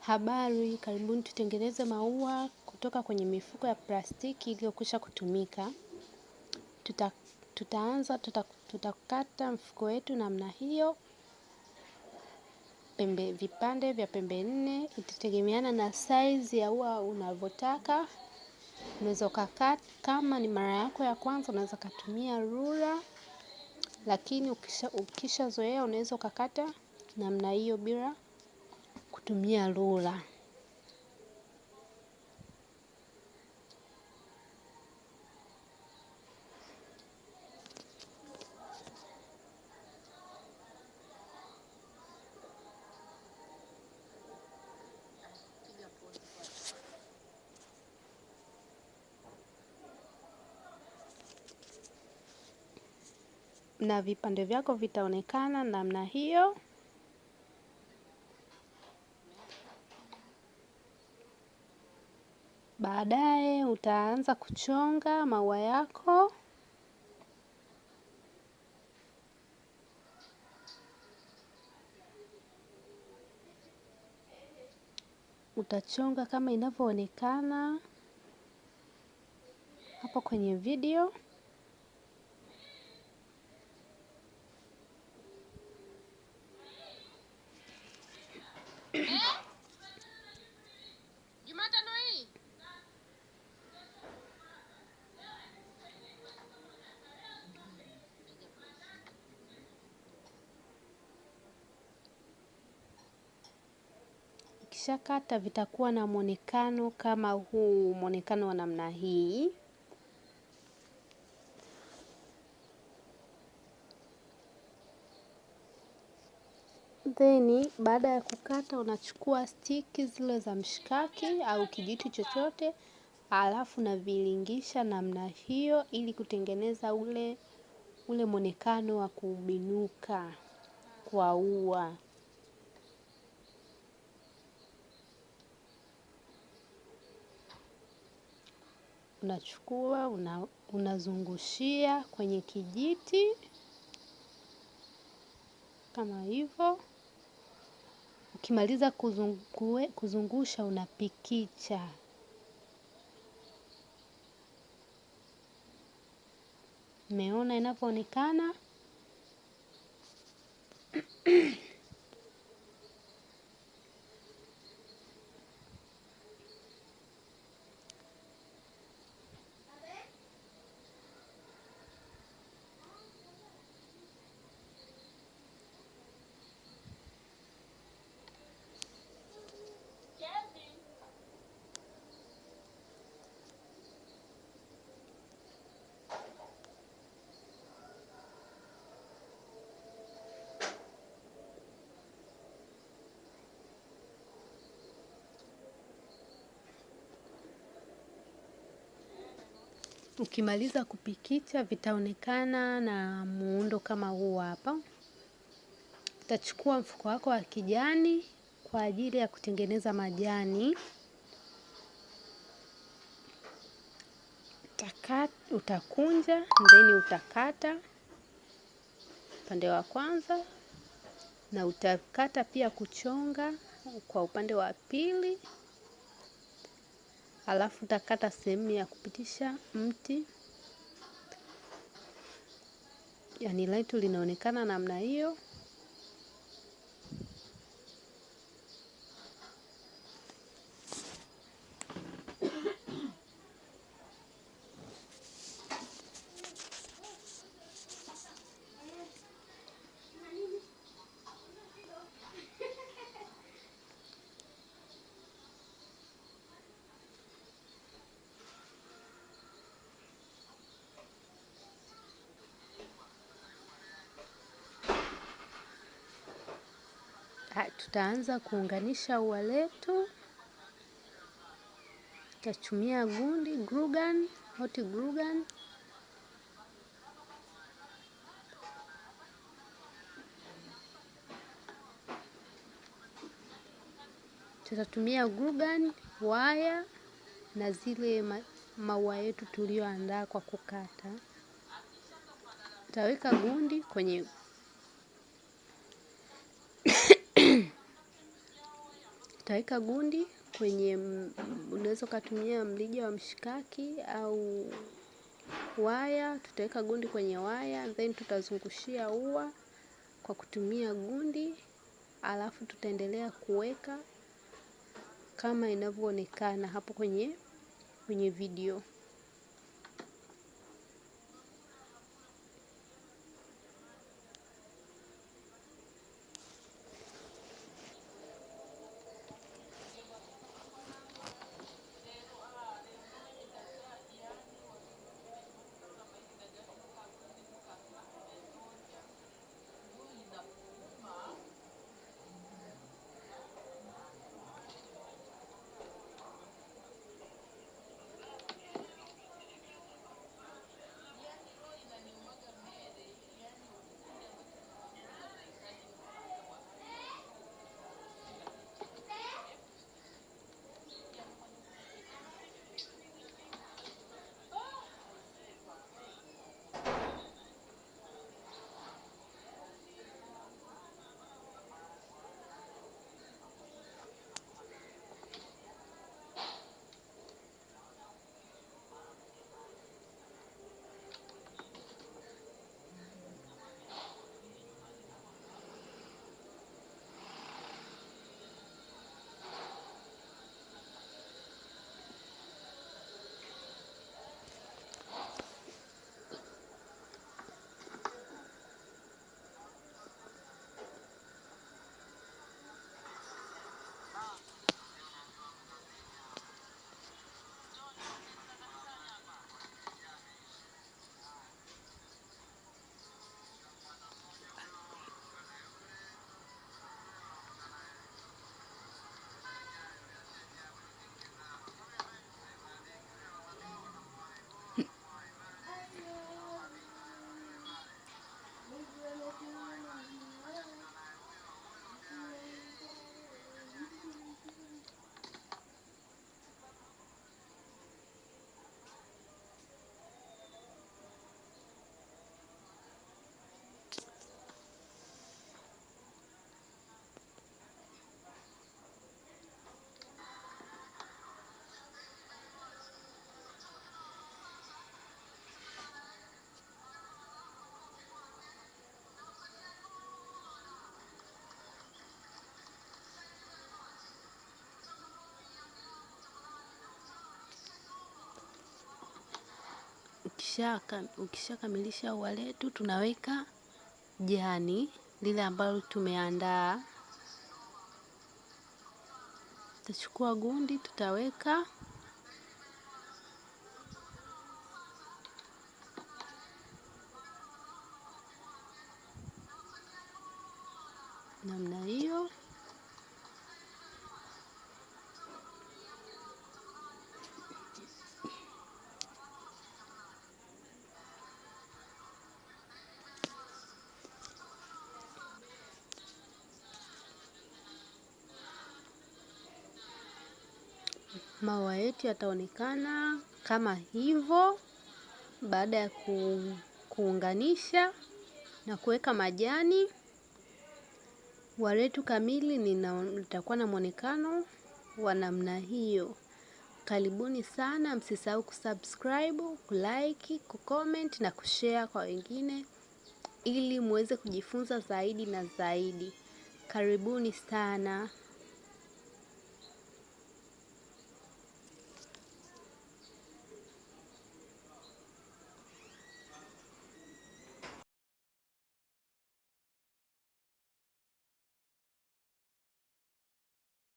Habari, karibuni tutengeneze maua kutoka kwenye mifuko ya plastiki iliyokwisha kutumika. Tuta, tutaanza tutakata tuta mfuko wetu namna hiyo, pembe vipande vya pembe nne, itategemeana na size ya ua unavyotaka. Unaweza ukakata, kama ni mara yako ya kwanza, unaweza ukatumia rula, lakini ukishazoea ukisha unaweza ukakata namna hiyo bila kutumia rula. na vipande vyako vitaonekana namna hiyo. Baadaye utaanza kuchonga maua yako. Utachonga kama inavyoonekana hapo kwenye video. Nikishakata vitakuwa na mwonekano kama huu, mwonekano wa namna hii. Theni baada ya kukata, unachukua stiki zile za mshikaki au kijiti chochote, alafu unavilingisha namna hiyo ili kutengeneza ule ule mwonekano wa kubinuka kwa ua. unachukua una, unazungushia kwenye kijiti kama hivyo. Ukimaliza kuzungue, kuzungusha unapikicha Umeona inavyoonekana? Ukimaliza kupikicha vitaonekana na muundo kama huu hapa. Utachukua mfuko wako wa kijani kwa ajili ya kutengeneza majani. Utaka, utakunja ndeni, utakata upande wa kwanza na utakata pia kuchonga kwa upande wa pili alafu utakata sehemu ya kupitisha mti, yani letu linaonekana namna hiyo. tutaanza kuunganisha ua letu. Tutatumia gundi glugan, hot glugan tutatumia grugan waya na zile ma maua yetu tuliyoandaa kwa kukata. Tutaweka gundi kwenye Utaweka gundi kwenye, unaweza ukatumia mrija wa mshikaki au waya. Tutaweka gundi kwenye waya, then tutazungushia ua kwa kutumia gundi, alafu tutaendelea kuweka kama inavyoonekana hapo kwenye kwenye video. Ukishakamilisha ukisha ua letu tunaweka jani lile ambalo tumeandaa. Tutachukua gundi tutaweka namna hii. maua yetu yataonekana kama hivyo. Baada ya kuunganisha na kuweka majani, ua letu kamili litakuwa na mwonekano wa namna hiyo. Karibuni sana, msisahau kusubscribe, kulike, kucomment na kushare kwa wengine ili muweze kujifunza zaidi na zaidi. Karibuni sana.